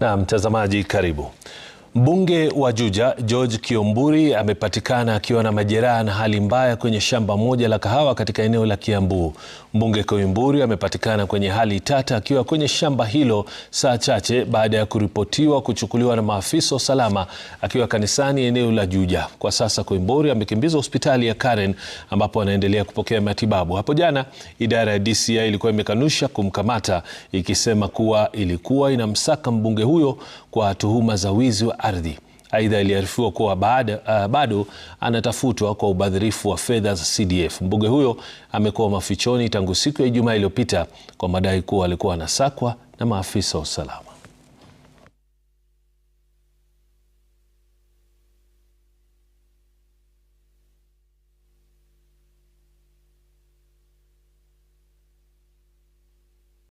Na mtazamaji, karibu. Mbunge wa Juja George Kiomburi amepatikana akiwa na majeraha na hali mbaya kwenye shamba moja la kahawa katika eneo la Kiambu. Mbunge Kiomburi amepatikana kwenye hali tata akiwa kwenye shamba hilo saa chache baada ya kuripotiwa kuchukuliwa na maafisa wa usalama akiwa kanisani eneo la Juja. Kwa sasa Kiomburi amekimbizwa hospitali ya Karen ambapo anaendelea kupokea matibabu. Hapo jana idara ya DCI ilikuwa imekanusha kumkamata ikisema kuwa ilikuwa inamsaka mbunge huyo kwa tuhuma za wizi wa ardhi. Aidha, aliarifiwa kuwa uh, bado anatafutwa kwa ubadhirifu wa fedha za CDF. Mbunge huyo amekuwa mafichoni tangu siku ya Ijumaa iliyopita kwa madai kuwa alikuwa anasakwa na maafisa wa usalama.